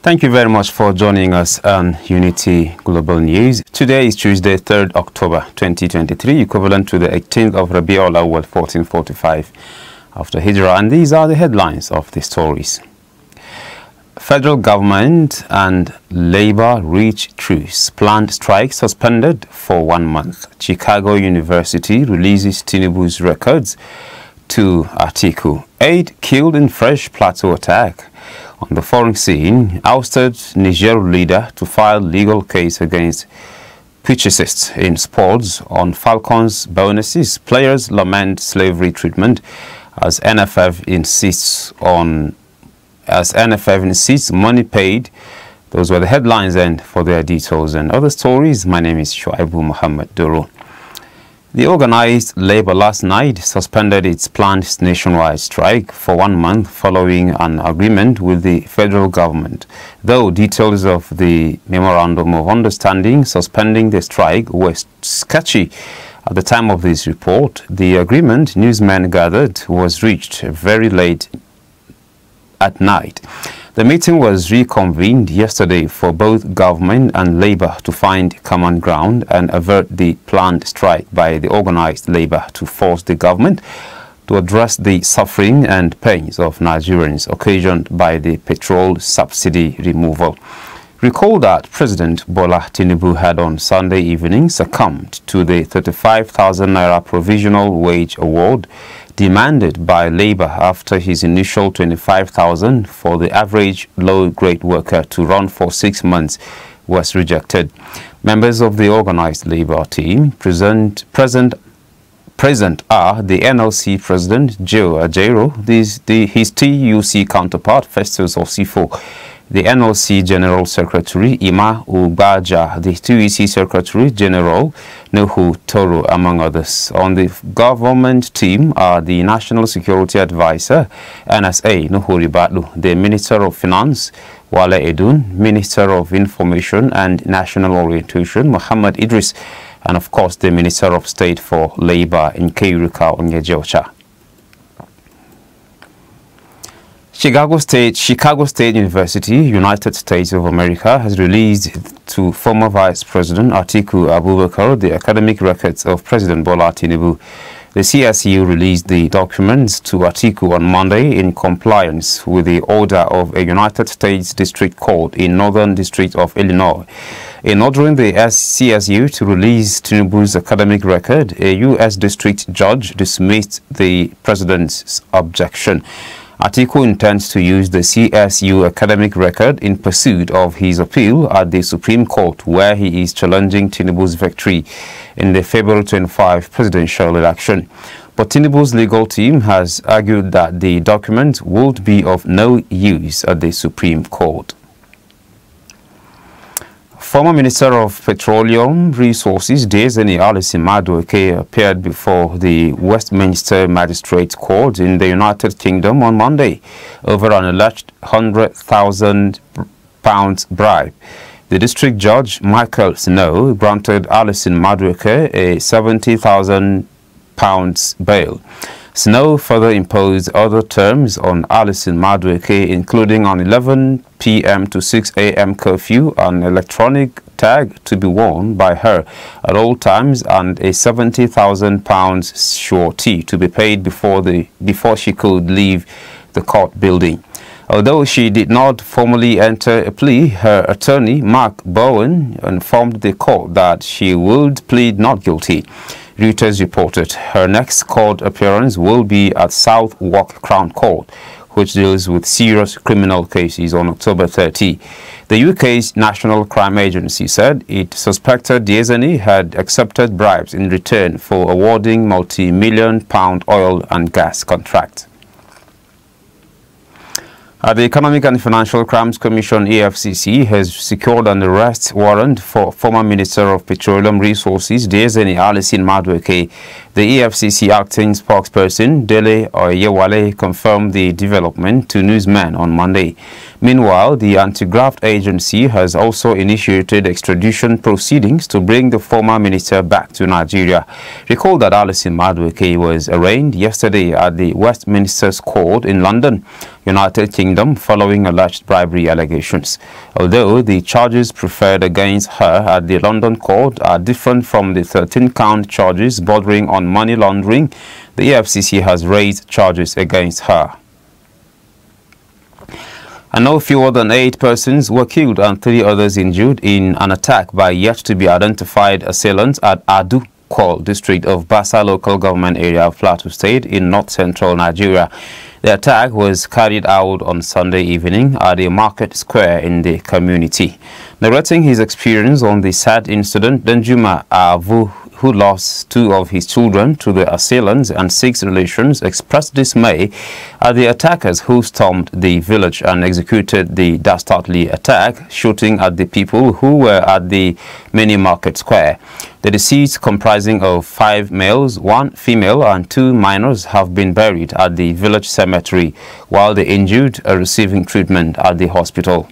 Thank you very much for joining us on Unity Global News. Today is Tuesday, 3rd October 2023, equivalent to the 18th of Rabiul 1445 after Hijra, and these are the headlines of the stories. Federal government and labor reach truce. Planned strike suspended for one month. Chicago University releases Tinubu's records to Atiku. Eight killed in fresh plateau attack on the foreign scene ousted Niger leader to file legal case against pugilists in sports on Falcons bonuses. Players lament slavery treatment as NFF insists on as NFF insists money paid. Those were the headlines and for their details and other stories. My name is Shuaibu Muhammad Duro. The organized labor last night suspended its planned nationwide strike for one month following an agreement with the federal government, though details of the Memorandum of Understanding suspending the strike were sketchy. At the time of this report, the agreement newsmen gathered was reached very late at night. The meeting was reconvened yesterday for both government and labor to find common ground and avert the planned strike by the organized labor to force the government to address the suffering and pains of Nigerians occasioned by the petrol subsidy removal. Recall that President Bola Tinubu had on Sunday evening succumbed to the 35,000 naira provisional wage award demanded by labor after his initial 25,000 for the average low-grade worker to run for six months was rejected. Members of the organized labor team present, present present are the NLC President Joe Ajero, his, the, his TUC counterpart Festus Osifo, the NLC General Secretary Ima Ubaja, the TUC Secretary General Nuhu Toro, among others. On the government team are the National Security Advisor, NSA, Nuhu Ribadu, the Minister of Finance, Wale Edun, Minister of Information and National Orientation, Muhammad Idris, and of course the Minister of State for Labor, Nkeirika Onyejocha. Chicago State, Chicago State University, United States of America, has released to former Vice President Atiku Abubakar the academic records of President Bola Tinubu. The CSU released the documents to Atiku on Monday in compliance with the order of a United States District Court in Northern District of Illinois. In ordering the CSU to release Tinubu's academic record, a U.S. District Judge dismissed the President's objection. Atiku intends to use the CSU academic record in pursuit of his appeal at the Supreme Court, where he is challenging Tinubu's victory in the February 25 presidential election. But Tinubu's legal team has argued that the document would be of no use at the Supreme Court. Former Minister of Petroleum Resources, Daisy Alison Madueke, appeared before the Westminster Magistrates Court in the United Kingdom on Monday over an alleged £100,000 bribe. The district judge, Michael Snow, granted Alison Madueke a £70,000 bail. Snow further imposed other terms on Alison Madweke, including an 11 p.m. to 6 a.m. curfew, an electronic tag to be worn by her at all times, and a 70,000 pounds surety to be paid before, the, before she could leave the court building. Although she did not formally enter a plea, her attorney, Mark Bowen, informed the court that she would plead not guilty. Reuters reported. Her next court appearance will be at South Walk Crown Court, which deals with serious criminal cases on October 30. The UK's National Crime Agency said it suspected Diazani had accepted bribes in return for awarding multi-million pound oil and gas contracts. Uh, the Economic and Financial Crimes Commission, EFCC, has secured an arrest warrant for former Minister of Petroleum Resources, Dezeni Alison Madweke. The EFCC acting spokesperson, Dele Oyewale, confirmed the development to newsmen on Monday. Meanwhile, the anti-graft agency has also initiated extradition proceedings to bring the former minister back to Nigeria. Recall that Alison Madweke was arraigned yesterday at the Westminster's Court in London United Kingdom following alleged bribery allegations. Although the charges preferred against her at the London court are different from the 13-count charges bordering on money laundering, the EFCC has raised charges against her. And no fewer than eight persons were killed and three others injured in an attack by yet-to-be-identified assailants at Adu Kwal district of Basa local government area of Plateau State in north-central Nigeria. The attack was carried out on Sunday evening at a market square in the community. Narrating his experience on the sad incident, Danjuma Avu who lost two of his children to the assailants and six relations, expressed dismay at the attackers who stormed the village and executed the dastardly attack, shooting at the people who were at the mini market square. The deceased, comprising of five males, one female, and two minors, have been buried at the village cemetery, while the injured are receiving treatment at the hospital.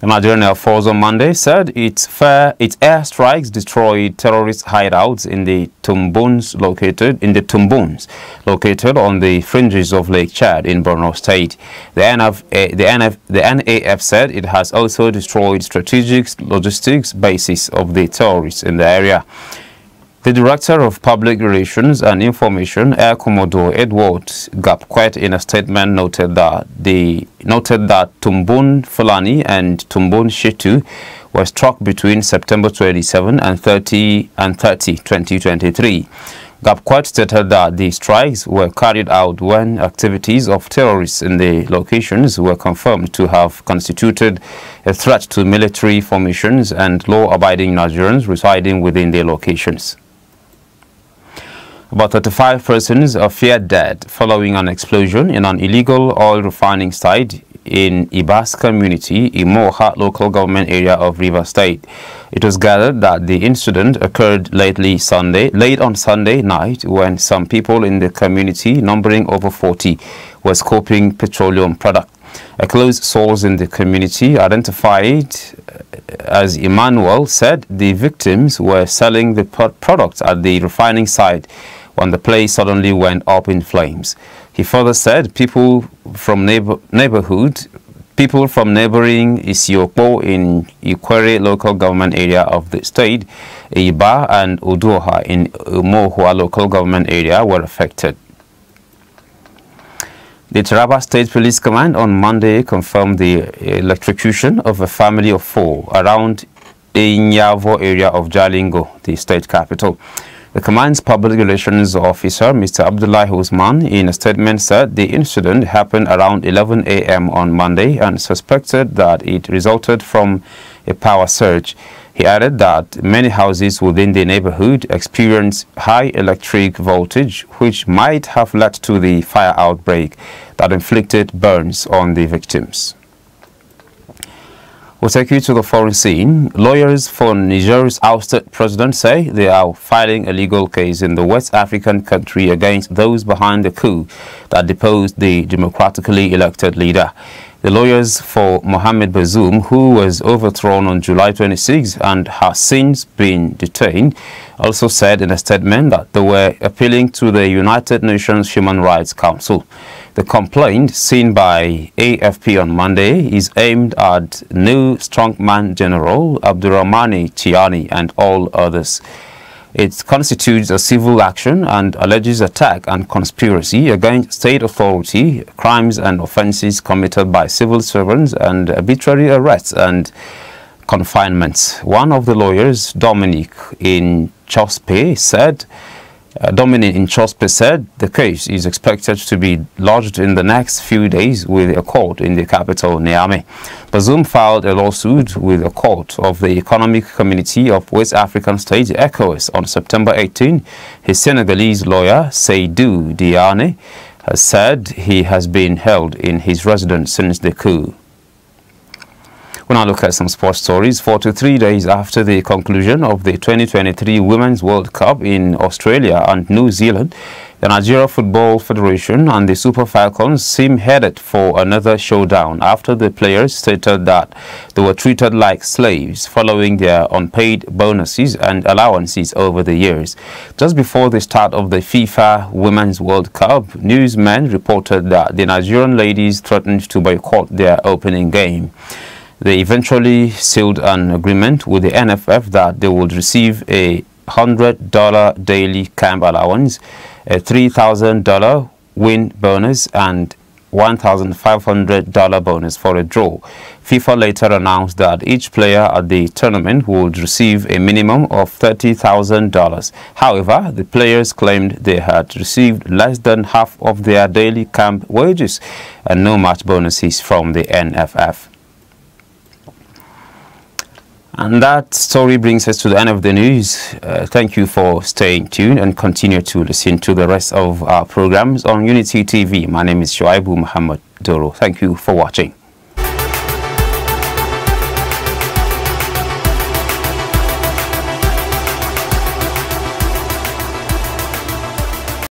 The Nigerian Air Force on Monday said its, fair, its airstrikes destroyed terrorist hideouts in the Tumbuns located in the Tumbuns located on the fringes of Lake Chad in Borno State. The, NF, the, NF, the NAF said it has also destroyed strategic logistics bases of the terrorists in the area. The Director of Public Relations and Information, Air Commodore Edward Gapquet, in a statement noted that the noted that Tumbun Fulani and Tumbun Shetu were struck between September 27 and 30 and 30, 2023. Gapquet stated that the strikes were carried out when activities of terrorists in the locations were confirmed to have constituted a threat to military formations and law-abiding Nigerians residing within the locations. About 35 persons are feared dead following an explosion in an illegal oil refining site in Ibas community, Moha local government area of River State. It was gathered that the incident occurred lately Sunday, late on Sunday night when some people in the community, numbering over 40, were scoping petroleum product. A close source in the community identified uh, as Emmanuel said the victims were selling the product at the refining site when the place suddenly went up in flames. He further said people from neighbor, neighborhood, people from neighboring Isiopo in Ikwere local government area of the state, Iba and Uduha in Umohua local government area were affected. The Taraba State Police Command on Monday confirmed the electrocution of a family of four around Inyavo area of Jalingo, the state capital. The command's public relations officer, Mr. Abdullah Usman, in a statement said the incident happened around 11 a.m. on Monday and suspected that it resulted from a power surge. He added that many houses within the neighborhood experienced high electric voltage, which might have led to the fire outbreak that inflicted burns on the victims. We'll take you to the foreign scene. Lawyers for Niger's ousted president say they are filing a legal case in the West African country against those behind the coup that deposed the democratically elected leader. The lawyers for Mohamed Bazoum, who was overthrown on July 26 and has since been detained, also said in a statement that they were appealing to the United Nations Human Rights Council. The complaint, seen by AFP on Monday, is aimed at new strongman general Abdurrahmani Chiani and all others. It constitutes a civil action and alleges attack and conspiracy against state authority, crimes and offenses committed by civil servants and arbitrary arrests and confinements. One of the lawyers, Dominic in Chospe, said uh, Dominic in Chospe said the case is expected to be lodged in the next few days with a court in the capital, Niamey. Bazoum filed a lawsuit with a court of the Economic Community of West African States, ECOWAS, on September 18. His Senegalese lawyer, Seydou Diane, has said he has been held in his residence since the coup. When I look at some sports stories, 43 days after the conclusion of the 2023 Women's World Cup in Australia and New Zealand, the Nigeria Football Federation and the Super Falcons seem headed for another showdown after the players stated that they were treated like slaves following their unpaid bonuses and allowances over the years. Just before the start of the FIFA Women's World Cup, newsmen reported that the Nigerian ladies threatened to boycott their opening game. They eventually sealed an agreement with the NFF that they would receive a $100 daily camp allowance, a $3,000 win bonus, and $1,500 bonus for a draw. FIFA later announced that each player at the tournament would receive a minimum of $30,000. However, the players claimed they had received less than half of their daily camp wages and no match bonuses from the NFF. And that story brings us to the end of the news. Uh, thank you for staying tuned and continue to listen to the rest of our programs on Unity TV. My name is Shoaibu Muhammad Doro. Thank you for watching.